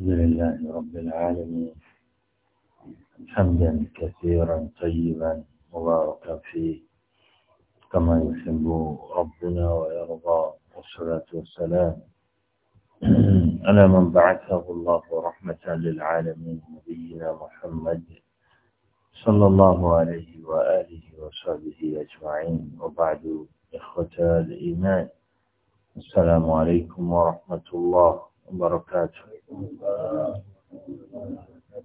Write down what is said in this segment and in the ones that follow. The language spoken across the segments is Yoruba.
الحمد لله رب العالمين حمدا كثيرا طيبا مباركا فيه كما يحب ربنا ويرضى والصلاة والسلام على من بعثه الله رحمة للعالمين نبينا محمد صلى الله عليه وآله وصحبه أجمعين وبعد إخوة الإيمان السلام عليكم ورحمة الله وبركاته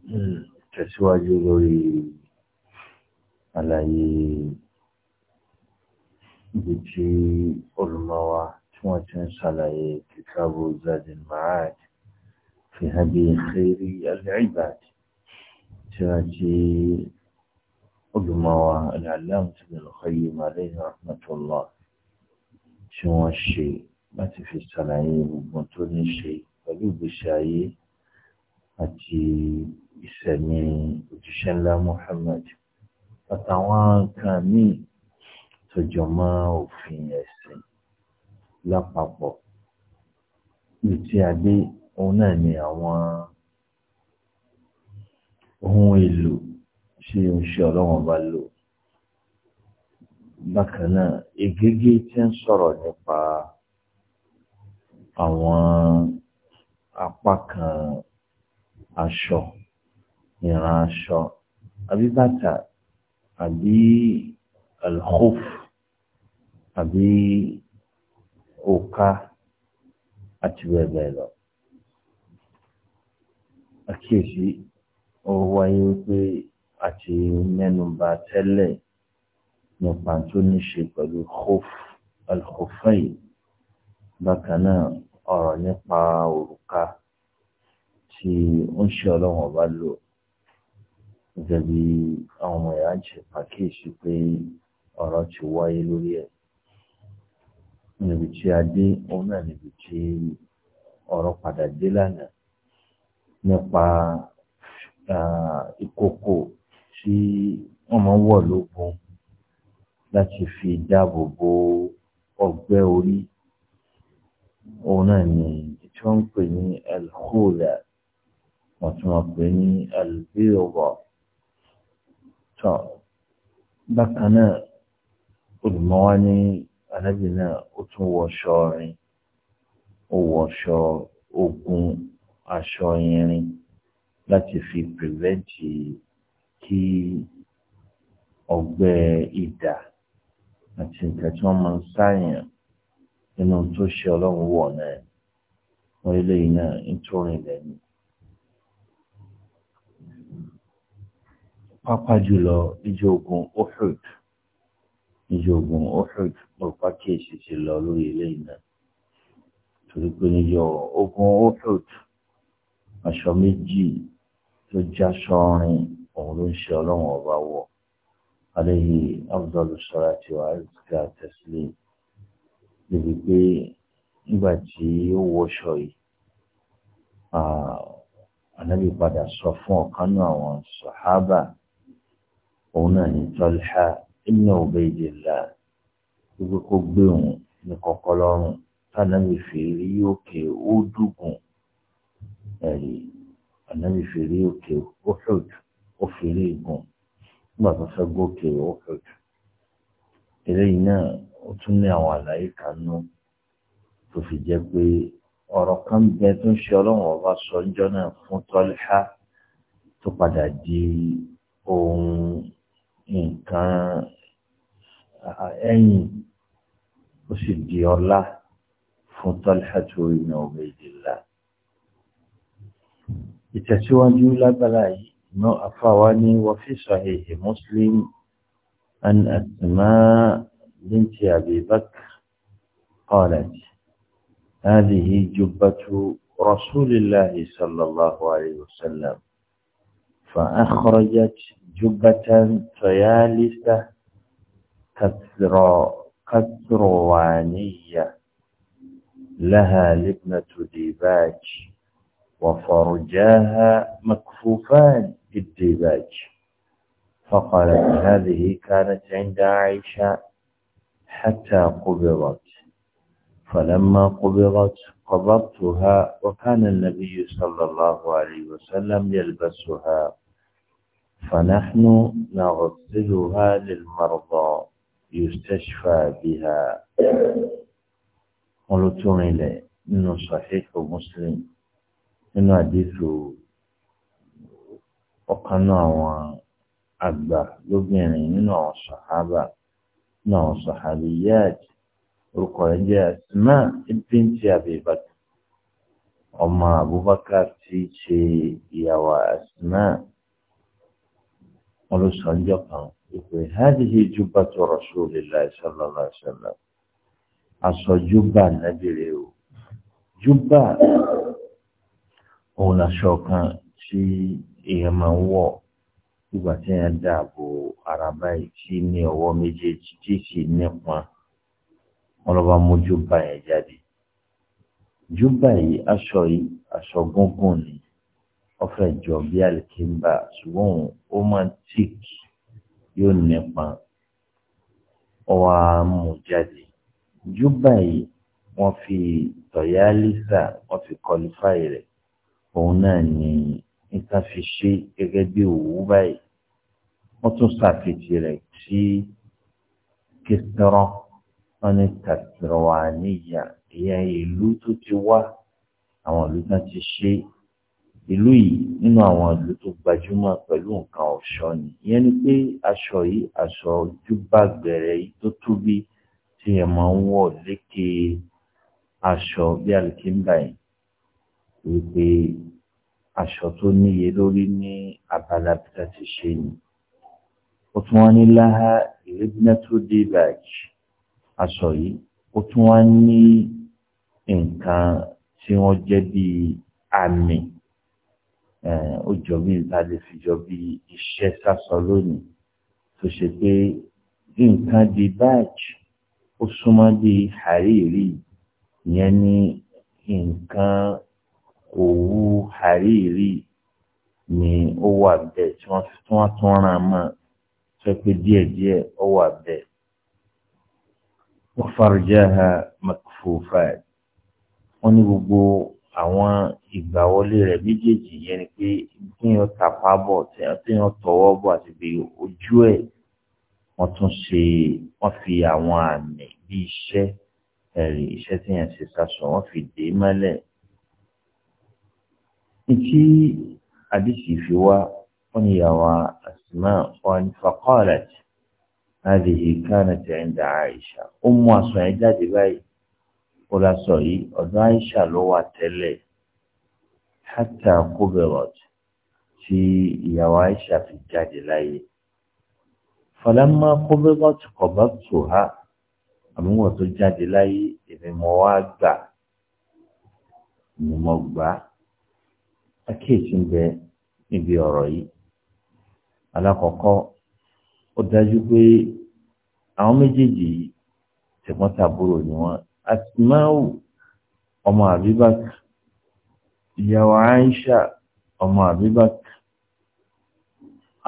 hmm, tẹ̀síwájú lórí àlàyé ibi tí olùmọ̀wá tí wọ́n ti ń ṣàlàyé kitabu zadil ma'ad fi hadi khairi al-ibad tí a ti olùmọ̀wá al-allamah ibn al-qayyim alayhi rahmatullah tí wọ́n ṣe láti fi ṣàlàyé gbogbo tó ní ṣe pẹ̀lú ìgbésí ayé àti ìsẹ̀mí òjíṣẹ́ ńlá Muhammad àtàwọn nǹkan míì tó jọ mọ́ òfin ẹ̀sìn lápapọ̀ ní ti adé òun náà ni àwọn ohun èlò ṣe ń ṣe ọlọ́wọ́n bá lò bákan náà ègégé tí ń sọ̀rọ̀ nípa àwọn apá kan aṣọ ìran aṣọ àbí bàtà àbí alkhuf àbí òka àti bẹ́ẹ̀ bẹ́ẹ̀ lọ. àkíyèsí ó wáyé wípé àti mẹ́nubà tẹ́lẹ̀ nípa tó ní ṣe pẹ̀lú khuf alkhufay bákan náà ọ̀rọ̀ nípa òrùka tí ó ń ṣe ọlọ́run ọba lò gẹ́gẹ́ bí àwọn ọmọ ìyá ń ṣe pàkíyèsí pé ọ̀rọ̀ ti wáyé lórí ẹ̀ níbi tí a dé òun náà níbi tí ọ̀rọ̀ padà dé lánàá nípa ìkòkò tí wọ́n máa ń wọ̀ lógun láti fi dáàbò bo ọgbẹ́ orí òun náà ni tí wọ́n ń pè ní alhuda wọ́n tún wọ́n pè ní albirwa. tó bákan náà olùmọ́wá ní anábì náà ó tún wọṣọ rin ó wọṣọ ogun aṣọ irin láti fi pìrìvẹ́ǹtì kí ọgbẹ́ ìdà àti nǹkan tí wọ́n máa ń sáyàn nínú tó ṣe ọlọ́run wọ̀ náà wọ́n eléyìí náà ń tó rìn lẹ́nu. pápá jùlọ ìjọ ogun Uhud ìjọ ogun Uhud mo pàkíyèsí sí lọ lórí eléyìí náà torí pé níjọ ogun Uhud aṣọ méjì tó jáṣọ ọrin òun ló ń ṣe ọlọ́run ọba wọ̀ aléyìí afdal salati wa azka taslim débi pé nígbà tí ó wọṣọ yìí ànábì padà sọ fún ọ̀kan náà àwọn sàhábà òun náà ní Talha ibn Ubaydillah wípé kó gbé òun ní kọ́kọ́ lọ́rùn tànàbì fi rí òkè ódùgùn ẹ̀rí ànàbì fi rí òkè Uhud ó fi gùn nígbà tó fẹ́ gòkè Uhud eléyìí náà ó tún ní àwọn àlàyé kan nú tó fi jẹ́ pé ọ̀rọ̀ kan bẹ tó ń ṣe ọlọ́run ọba sọ níjọ́ náà fún tọ́lẹ́ṣá tó padà di ohun nǹkan ẹ̀yìn ó sì di ọlá fún tọ́lẹ́ṣá tó iná ọba ìdìlá. ìtẹ̀síwájú lágbára yìí náà afáwa ní wọ́n fi sọ èyí Muslim an Asma. بنت أبي بكر قالت هذه جبة رسول الله صلى الله عليه وسلم فأخرجت جبة فيالسه كثر كثروانية لها لبنة ديباج وفرجاها مكفوفان بالديباج فقالت هذه كانت عند عائشة حتى قبضت فلما قبضت قبضتها وكان النبي صلى الله عليه وسلم يلبسها فنحن نغسلها للمرضى يستشفى بها ولتون إليه إنه صحيح مسلم إنه حديث وقناع الله لبنان إنه صحابة náà sahabiyat orúkọ rẹ̀ jẹ́ Asma ibinti Abibakar ọmọ Abubakar ti ṣe ìyàwó Asma wọn ló sọ ọjọ́ kan ìpè hádìhì jubatu Rasulillahi sallallahu alaihi wasallam aṣọ júbà nàbìrì o júbà òun aṣọ kan tí èèyàn máa ń wọ̀ ìgbà tí èèyàn dáàbò o ara báyìí tí ní ọwọ́ méjèèjì tí sì nípọn wọn lọ bá mú júbà yẹn jáde júbà yìí aṣọ yìí aṣọ gúngùn ni wọn jọ bí alikimba ṣùgbọ́n ó máa tíìkì yóò nípọn wọn wá mú jáde júbà yìí wọn fi tọyálísà wọn fi kọlifáì rẹ òun náà ní níta fi ṣe gẹ́gẹ́ bí òwú báyìí wọ́n tún ṣàfihì rẹ̀ sí kìsìrọ̀ wọ́n ní tàkìrọ̀wàníyà ìyẹn ìlú tó ti wá àwọn ìlú náà ti ṣe ìlú yìí nínú àwọn ìlú tó gbajúmọ̀ pẹ̀lú nǹkan ọ̀ṣọ́ ni ìyẹn ni pé aṣọ yìí aṣọ ojúbà gbẹ̀rẹ̀ yìí tó tóbi tí ẹ máa ń wọ̀ lékè aṣọ bí alikimba yìí wípé aṣọ tó níye lórí ní abala bí a ti ṣe ni ó tún wá ní láha ìrẹ́bínẹ́tò débàj aṣọ yìí ó tún wá ní nǹkan tí wọ́n jẹ́ bíi àmì eh, ó jọ bí ta lè fi jọ bí iṣẹ́ sásọ lónìí tó ṣe pé nǹkan débàj ó súnmọ́ bíi hàríìrí ìyẹn ní nǹkan òwú hàríìrí ni ó wà bẹ́ẹ̀ tí wọ́n tún ràn mọ́ pé díẹ̀díẹ̀ ó wà bẹ́ẹ̀. wọ́n farujá ha makufufa wọ́n ní gbogbo àwọn ìgbà wọlé rẹ̀ méjèèjì yẹn ni pé téèyàn tàpá bọ̀ téèyàn tọwọ́ bọ̀ àti bí ojú ẹ̀ wọ́n tún ṣe wọ́n fi àwọn àmì bí iṣẹ́ ẹ̀rí iṣẹ́ téèyàn ṣe sásọ wọ́n fi dé mọ́lẹ̀. ní tí àdìsí fi wá ونيا وأسماء فقالت هذه كانت عند عائشة أم سعيدة باي ولا سعي عائشة لو تلي حتى قبرت في يا عائشة في الجادلية فلما قبضت قبضتها àmúwọ̀ tó jáde láyé èmi mo wá gbà ni mo yìí alákọ̀ọ́kọ́ ó dájú pé àwọn méjèèjì yìí tẹ̀gbọ́n tàbúrò ni wọ́n Asma'u ọmọ Abibak ìyàwó Aisha ọmọ Abibak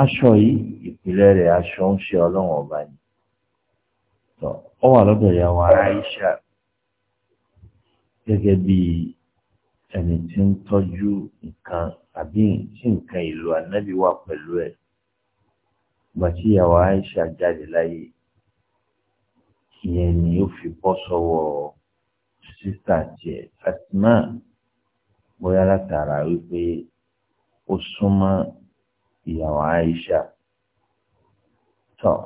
aṣọ yìí ìpìlẹ̀ rẹ̀ aṣọ ń ṣe ọlọ́run ọba ni tọ́ ọ wà lọ́dọ̀ ìyàwó Aisha gẹ́gẹ́ bí ẹni tí ń tọ́jú nǹkan àbí tí nǹkan ìlú ànábì wà pẹ̀lú ẹ̀ ìgbà tí ìyàwó Aisha jáde láyé ìyẹn ni ó fi bọ́ sọ́wọ́ sísà tiẹ̀ Fatima bóyá látara wípé ó súnmọ́ ìyàwó Aisha tọ́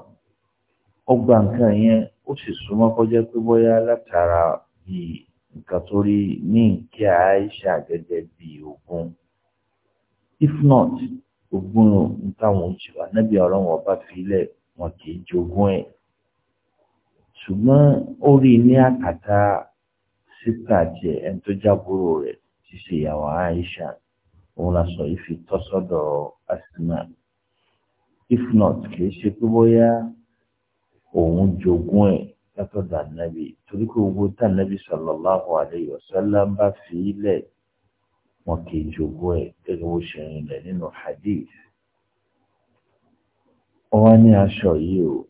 ó gba nǹkan yẹn ó sì súnmọ́ kọjá pé bóyá látara bíi nǹkan tó rí ní nkí Aisha gẹ́gẹ́ bíi ogún if not ogún táwọn oṣù ànábì ọlọ́run ọba fílẹ̀ wọn kì í jogún ẹ̀ ṣùgbọ́n ó rí ní àkàtà síta jẹ ẹni tó jábúrò rẹ̀ ti ṣe ìyàwó Aisha òun la sọ ìfi tọ́sọ́dọ̀ Asma if not kì í ṣe pé bóyá òun jogún ẹ̀ látọ̀dọ̀ ànábì torí pé gbogbo tá ànábì sallallahu alayhi wa sallam bá fi í lẹ̀ wọn kì í jogún ẹ̀ gẹ́gẹ́ bó ṣe rinlẹ̀ nínú hadith. wọ́n ní aṣọ yìí o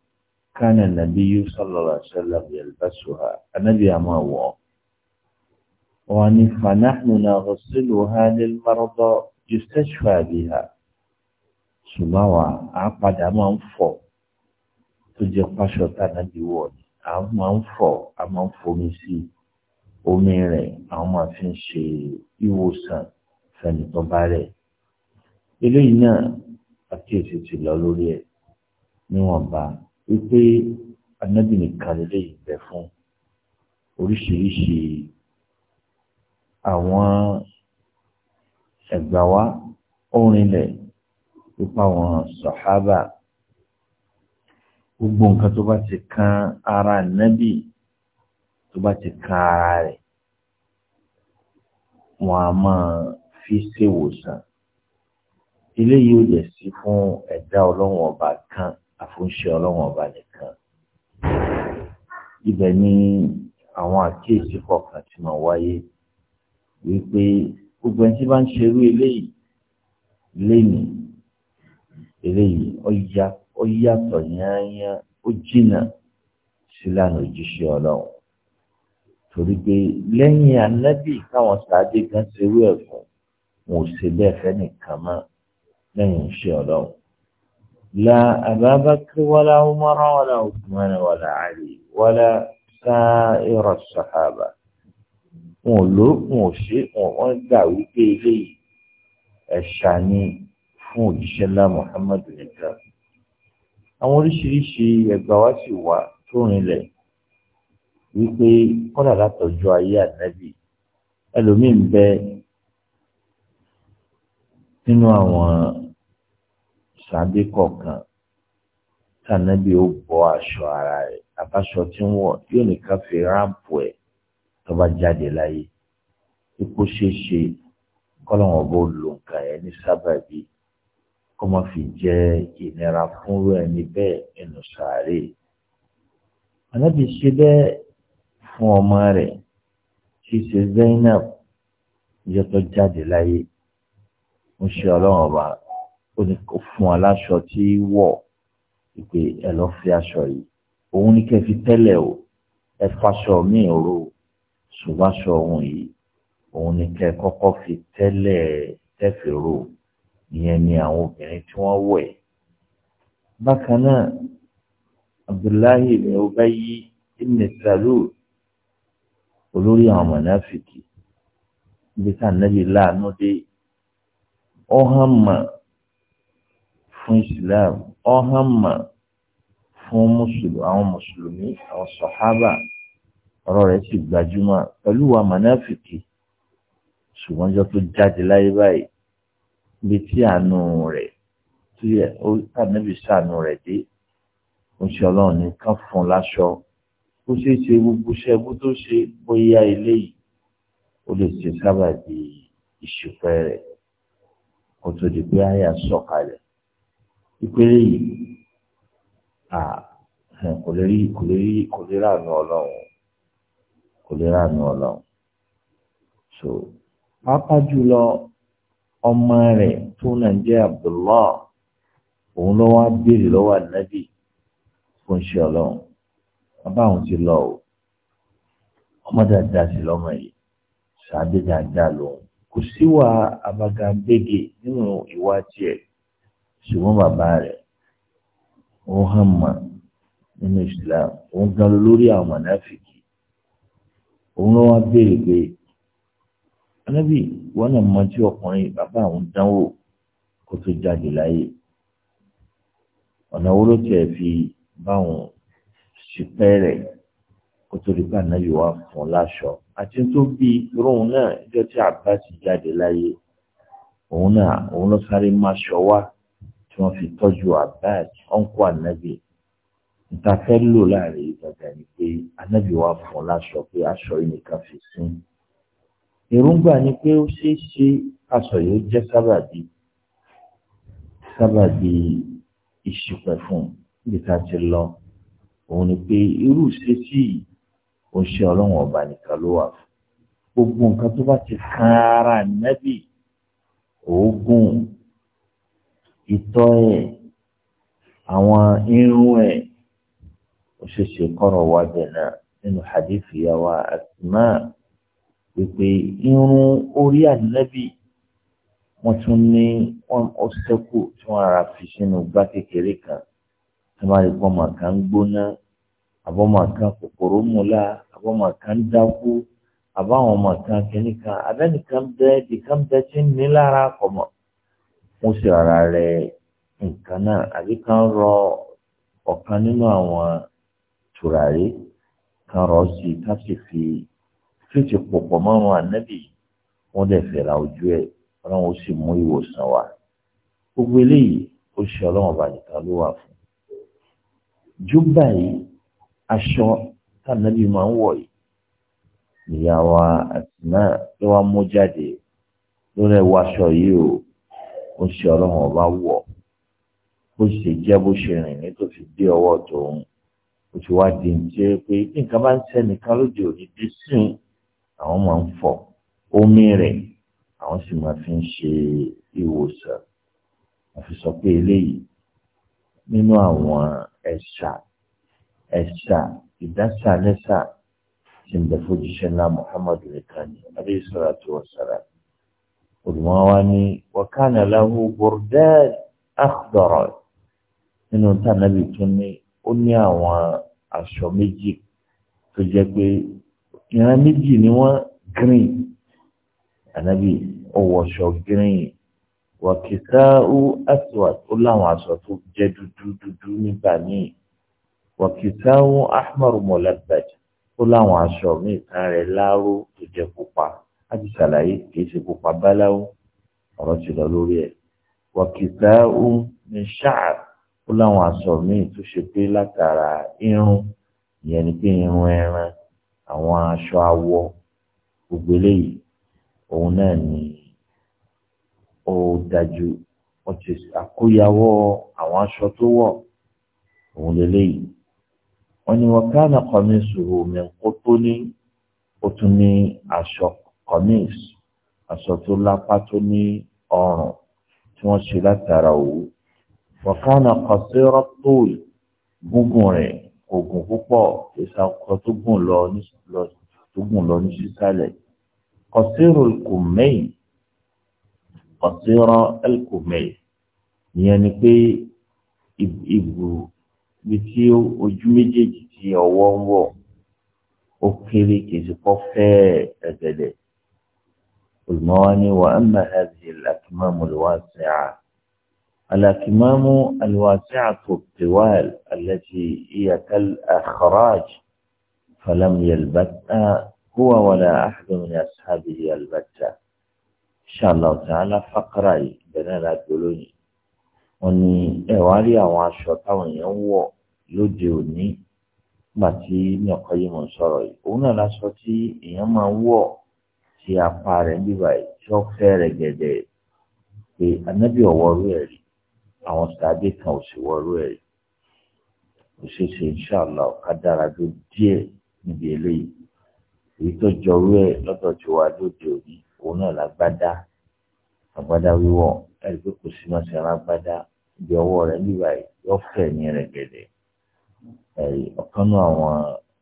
kánà nàbí yìí sọlọ́lá ṣẹlẹ̀ yẹlbẹ́sùhà anábì àmọ́ wọ̀ wọ́n ní fanáhùn náà rọ̀ṣílù ha ní márùbọ̀ yustashfa biha ṣùgbọ́n wa á padà máa ń fọ̀ tó jẹ́ pàṣọ tànàbí wọ̀ ni a máa ń fọ̀ a máa ń fomi sí omi rẹ̀ àwọn máa fi ń ṣe é ìwòsàn fẹ́ni tó bá rẹ̀. eléyìí náà àkíyèsí ti lọ lórí ẹ̀ níwọ̀nba wípé anábì nìkan lélẹ́yìí bẹ fún oríṣiríṣi àwọn ẹ̀gbà wa orinlẹ̀ nípa àwọn sọ̀hábà gbogbo nǹkan tó bá ti kan ara nábì tó bá ti kan ara rẹ̀ wọn a máa fi ṣèwòsàn eléyìí ò dẹ̀ sí fún ẹ̀dá ọlọ́run ọba kan àfúnṣe ọlọ́run ọba nìkan ibẹ̀ ni àwọn àkíyèsí kọ̀ọ̀kan ti máa wáyé wípé gbogbo ẹni tí bá ń ṣerú eléyìí lénìí eléyìí ó yàtọ̀ yányán ó jìnnà sílànà òjíṣẹ́ ọlọ́run torí pé lẹ́yìn anábì káwọn sàádé kan ṣe irú ẹ̀ fún wọn ò ṣe bẹ́ẹ̀ fẹ́nìkan mọ́ lẹ́yìn iṣẹ́ ọlọ́run. la ababakar wala umara wala usman wala ali wala sa'ira sahaba wọn ò ló wọn ò ṣe wọn gbà wípé eléyìí ẹ̀ṣà ni fún òjíṣẹ́ ńlá muhammadu nìkan. àwọn oríṣiríṣi ẹgbàá wá sì wà tó rinlẹ̀ wípé kọ́dà látọ̀jú ayé ànábì ẹlòmíín bẹ nínú àwọn sàbí kọ̀ọ̀kan tànábì ó bọ́ aṣọ ara rẹ̀ àbáṣọ tí ń yóò nìkan fi ráǹpù ẹ̀ tó bá jáde láyé ipò ṣeéṣe kọ́lọ́wọ́n bó lo nǹkan ẹ̀ ní sábàbí kó má fi jẹ́ ìnira fúnrú ẹni bẹ́ẹ̀ nínú sàárè. ànábì ṣe bẹ́ẹ̀ fún ọmọ rẹ̀ ṣíṣe Zainab ìjọ tó jáde láyé ń ṣe ọlọ́run ọba ó ní kó fún ọ láṣọ tí wọ̀ ìpè ẹ lọ fi aṣọ yìí òun ní kẹ́ fi tẹ́lẹ̀ o ẹ faṣọ míì ro ṣùgbọ́n aṣọ yìí òun ní kẹ́ kọ́kọ́ fi tẹ́lẹ̀ tẹ́fẹ̀ ro ìyẹn ni àwọn obìnrin tí wọ́n wọ̀ ẹ́. bákan náà Abdullahi ibn Ubayy ibn Salul olórí àwọn mọ̀nàfìkì ibi tá ànábì láàánú dé ó hàn mà fún islam ó hàn mà fún àwọn mùsùlùmí àwọn sọ̀hábà ọ̀rọ̀ rẹ̀ sì gbajúmọ̀ pẹ̀lú wa mọ̀nàfìkì ṣùgbọ́n jọ tó jáde láyé báyìí ibi tí àánú rẹ̀ tí ànábì sàánú rẹ̀ dé oṣù ọlọ́run nìkan fún láṣọ ó ṣeé ṣe gbogbo ṣẹ́gbó tó ṣe bóyá eléyìí ó lè ṣe sábàbí ìṣùpẹ́ rẹ̀ kó tó di pé àyà sọ̀kalẹ̀ ìpele yìí kò lè rí kò lè rí kò lè rànú ọlọ́run kò lè rànú ọlọ́run so pápá jùlọ ọmọ rẹ̀ tó náà jẹ́ Abdullah òun ló wá béèrè lọ́wọ́ ànábì fún iṣẹ́ ọlọ́run bàbá àwọn ti lọ o ọmọ dáadáa sí lọ́mọ yìí sàádé dáadáa lòun kò síwà abagabége nínú ìwà tiẹ̀ ṣùgbọ́n bàbá rẹ̀ ó hàn mà nínú Islam òun gan lórí àwọn mọ̀nàfìkì òun ló wá béèrè pé anábì wọn náà mọ tí ọkùnrin bàbá àwọn dánwò kó tó jáde láyé ọ̀nà wo tiẹ̀ fi báwọn ṣìpẹ́ rẹ̀ kó tó rí bàánà yìí wá fún láṣọ àti tó bí irun náà ẹjọ́ tí àbá ti jáde láyé òun náà òun ló sáré máa ṣọ wá tí wọ́n fi tọ́jú àbá àti ọ̀nkù ànábì níta fẹ́ lò láàrin ìgbàgbà ni pé ànábì wá fún láṣọ pé aṣọ yìí nìkan fi sín èròǹgbà ni pé ó ṣeé ṣe aṣọ yìí ó jẹ́ sábàbí sábàbí ìṣìpẹ̀ fún níbi ti lọ òun ni pé irú ìṣesí yìí ó ń ṣe ọlọ́run ọba nìkan ló wà fún gbogbo nǹkan tó bá ti kan ara nẹ́bì òógùn ìtọ́ ẹ̀ àwọn irun ẹ̀ ó ṣe ṣe kọ́rọ̀ wá bẹ̀ náà nínú hadithi yàwá Asma wípé irun orí ànẹ́bì wọ́n tún ní wọ́n ó ṣẹ́kù tí wọ́n ara fi sínú gbá kékeré kan tí wọ́n bá rí pọ́nmọ̀ kan gbóná àbọ̀mọ kan kòkòrò mú la àbọ̀mọ kan dákú àbáwọn ọmọ kan kìíní kan abẹ́nìkan bẹ ẹ̀dìkan bẹ tí ń ní lára kọ̀mọ̀ wọ́n sì ara rẹ nǹkan náà àbí kan rọ ọ̀kan nínú àwọn tùràrí kan rọ sí i ká sì fi fífi pòpọ̀ mọ́rùn ànábì wọ́n dẹ̀ fẹ̀ra ojú ẹ̀ ọlọ́run ó sì mú ìwòsàn wá gbogbo eléyìí ó ṣe ọlọ́run ọba nìkan ló wà fún jùbà yìí aṣọ tànàbí máa ń wọ̀ yìí ìyá wa Asma ló wá mú jáde lórí ẹwọ aṣọ yìí o ó ṣe ọlọ́run ọba wọ̀ bó ṣe jẹ́ bó ṣe rìn ní tó fi dé ọwọ́ tòun ó ti wá di jẹ́ pé bí nǹkan bá ń sẹ́nìkan lóde òní dé sùn àwọn máa ń fọ omi rẹ̀ àwọn sì máa fi ń ṣe ìwòsàn àfi sọ pé eléyìí nínú àwọn ẹ̀ṣà ẹ̀sà ìdásà lẹ́sà tí ń bẹ fojúṣẹ́ ńlá muhammadu nìkanì alayhi salatu wassalam olùmọ́wá ní wakana lahu burdan akhdar nínú tànàbì tún ní ó ní àwọn aṣọ méjì tó jẹ́ pé ìran méjì ni wọ́n green ànábì ọwọ́ṣọ green wàkìtà ó aswad ó láwọn aṣọ tó jẹ́ dúdú dúdú nígbà míì wọ̀kìtáwó ahmar mọ̀lẹ́bẹ̀j ó láwọn aṣọ míì kan rẹ̀ láàrú tó jẹ́ pupa á ti ṣàlàyé kìí ṣe pupa báláwo ọ̀rọ̀ ti lọ lórí ẹ̀ wọ̀kìtáwó ní ṣáàr ó láwọn aṣọ míì tó ṣe pé látara irun ìyẹn ni pé irun ẹran àwọn aṣọ awọ gbogbo eléyìí òun náà ni ó dájú wọ́n ti àkóyawọ́ àwọn aṣọ tó wọ̀ òun lélẹ́yìí wọ́n ní wọ́n kánà kọ́mísù mẹ́kó tó ní ó tún ní aṣọ kọ́mísù aṣọ tó lápá tó ní ọrùn tí wọ́n ṣe látara òwú wọ́n kánà kọ́sẹ́rọ́ tóòlù gúngùn rẹ̀ oògùn púpọ̀ ìṣàkọ tó gùn lọ ní sísàlẹ̀ kọ́sẹ́rọ́ kùmẹ́yìn kọ́sẹ́rọ́ ẹlkùmẹ́yìn ìyẹn ni pé ìgbù. ibi ojú méjèèjì tí ọwọ́ ń wọ̀ ó kéré kìí kọ́ fẹ́ẹ́ ẹ̀gẹ̀dẹ̀ olùmọ́wání wa amma hadhihi al-akmam al-wasi'a al-akmam al-wasi'atu at-tiwal allati hiya kal-akhraj falam yalbatha huwa wala ahadun min ashabihi yalbatha insha Allah ta'ala faqra bẹ̀rẹ̀ la gbólóyìn. wọ́n ní ẹ wá rí àwọn aṣọ táwọn èèyàn ń wọ̀ lóde òní nígbà tí ní ọkọ yìí mò ń sọ̀rọ̀ yìí òun náà láṣọ tí èèyàn máa ń wọ̀ tí apá rẹ̀ ń bíbà yìí tí wọ́n fẹ́ rẹ̀ gẹ̀dẹ̀ pé anábì ọ̀wọ́rú ẹ̀ rí àwọn sàádé kan ò sì wọ́rú ẹ̀ rí kò ṣeé ṣe inṣàlá ọ̀ká dára tó díẹ̀ níbi eléyìí èyí tó jọrú ẹ̀ lọ́dọ̀ tí wàá lóde òní òun náà lágbádá àgbádá wíwọ̀ ẹ̀rí pé kò sí mọ́sẹ̀ lágbádá ibi ọwọ́ rẹ̀ bíbá yọ fẹ̀ ní rẹ̀gẹ̀dẹ̀ ẹ̀rí ọ̀kan náà àwọn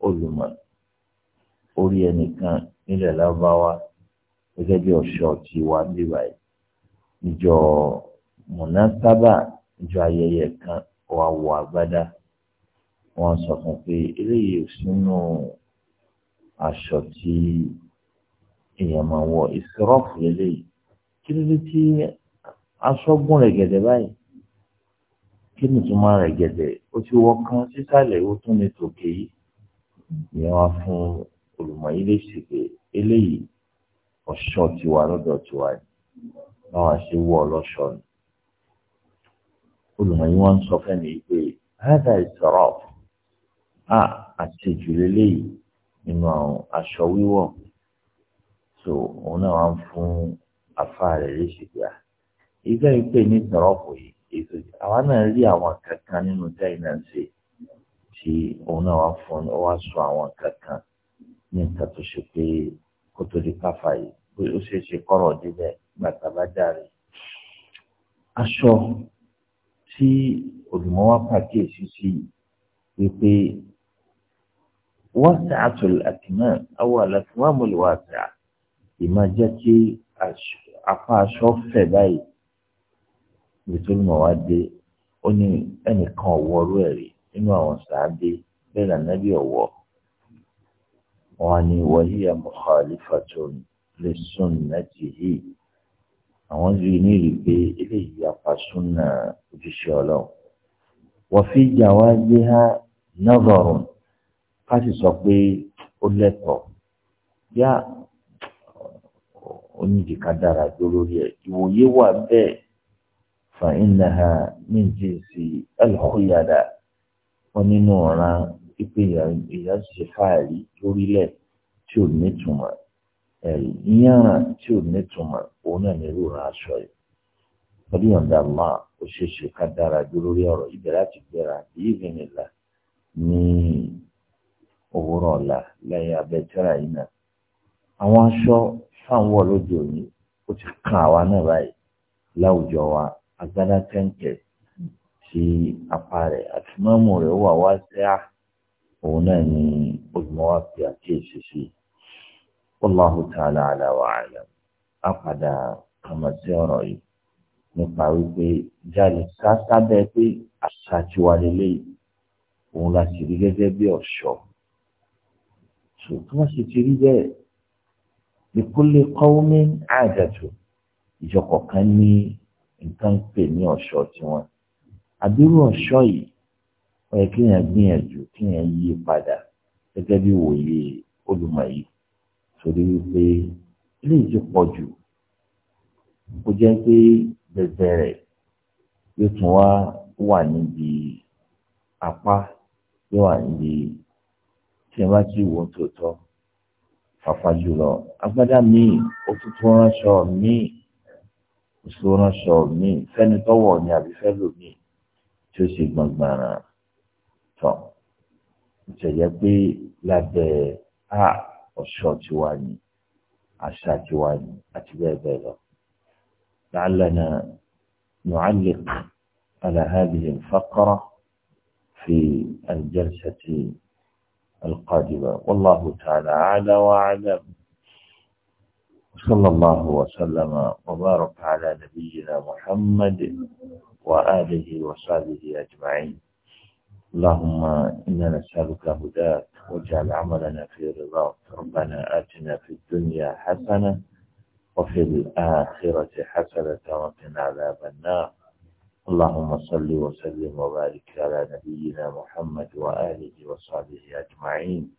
olùmọ̀ orí ẹnìkan nílẹ̀ lábáwá gẹ́gẹ́ bí ọ̀ṣọ́ ti wá bíbá ìjọ mùnásábà ìjọ ayẹyẹ kan wà wọ àgbádá wọn sọ fún pé eléyìí sínú aṣọ tí èèyàn máa wọ ìsirọ́ọ̀fù lélẹ́yìí kí ló dé tí aṣọ gún rẹ̀ gẹ̀dẹ̀ báyìí kí ni túmọ̀ rẹ̀ gẹ̀dẹ̀ ó ti wọ kán sísàlẹ̀ ó tún ní tòkè yìí ìyẹn wá fún olùmọ̀ yìí lè ṣe pé eléyìí ọ̀ṣọ́ tiwa lọ́dọ̀ tiwa ni wọ́n wá sí wọ́ ọlọ́ṣọ́ ni olùmọ̀ yìí wọ́n ń sọ fẹ́ mi pé hádà ìsọ̀rọ̀ à àti ìjùlẹ̀ léyìí nínú àwọn aṣọ wíwọ̀ so òun náà wá ń fún afá rẹ̀ lè à ìgbà yìí pé ní ìsọ̀rọ̀ kò yìí àwa náà rí àwọn kankan nínú tẹ́yìn náà ṣe tí òun náà wá fún ọ wá sọ àwọn kankan ní nǹkan tó ṣe pé kó tó di káfa yìí pé ó ṣeé ṣe kọ́rọ̀ débẹ̀ gbàtà bá dàrí. aṣọ tí olùmọ̀ wá pàkíyèsí sí wípé wọ́n ṣe àtúnlẹ̀ àtìmọ́ àwọn àlàfíà wọ́n mú lè wá àtà apá aṣọ fẹ̀ báyìí nítorí mọ̀ wá dé ó ní ẹnìkan ọ̀wọ́rú ẹ̀ rí nínú àwọn sàádé bẹ́ẹ̀ lànàbí ọ̀wọ́ wọn ni wàhíyà mukhalifatun li sunnatihi àwọn rí ní rí pé eléyìí apasúnà ojúṣe ọlọ́run wa fi jawaziha nazarun ká sì sọ pé ó lẹ́tọ̀ọ́ yá oníjìká dára dúró lórí ẹ̀ ìwòye wà bẹ́ẹ̀. فإنها من جنس onye وننو ọ̀ràn ipe èèyàn ṣe fáàrí lórílẹ̀ tí ò nítumọ̀ ìyára tí ò nítumọ̀ òun náà ra aṣọ yìí pẹ̀lú ọ̀dà máa ó ṣe é ṣe ká dára dúró lórí ọ̀rọ̀ ìbẹ̀rẹ̀ agbádá kẹ̀ǹkẹ̀ tí apá rẹ̀ àti mọ́mù rẹ̀ wà wá sẹ́à òun náà ni olùmọ̀ wá pè àkíyèsí sí Wallahu ta'ala ala wa alam á padà kàmọ̀ sí ọ̀rọ̀ yìí nípa wípé jáde sásábẹ́ pé àṣà tiwa lélẹ́yìí òun la sì rí gẹ́gẹ́ bí ọ̀ṣọ́ ṣùgbọ́n sì ti rí bẹ́ẹ̀ ìkúlẹ̀ kọ́wọ́mí àjàtò ìjọkọ̀ kan ní nǹkan ń pè ní ọ̀ṣọ́ tiwọn àbírú ọ̀ṣọ́ yìí ó yẹ kí yẹn gbìyànjú kí yẹn yí padà gẹ́gẹ́ bí wòye olùmọ̀ yìí torí wípé ilé ìjọ pọ̀ jù kó jẹ́ pé bẹ̀bẹ̀rẹ̀ yóò tún wá wà níbi apá yóò wà níbi tí ẹ bá ti wò ó tòótọ́ pàápàá jùlọ agbádá míì ó tuntun ránṣọ míì. tó ránṣọ míì fẹ́ni tọ́wọ̀ ni àbí fẹ́ lòmíì tí ó sì gbọ̀ngbọ̀n ràn tán ìṣẹ̀lẹ̀ pé lábẹ́ a ọ̀ṣọ́ tiwa ni àṣà tiwa ni àti bẹ́ẹ̀ bẹ́ẹ̀ lọ. لعلنا نعلق على هذه الفقرة في الجلسة القادمة والله تعالى أعلى وأعلم صلى الله وسلم وبارك على نبينا محمد وآله وصحبه أجمعين اللهم إنا نسألك هداك واجعل عملنا في رضاك ربنا آتنا في الدنيا حسنة وفي الآخرة حسنة وقنا عذاب النار اللهم صل وسلم وبارك على نبينا محمد وآله وصحبه أجمعين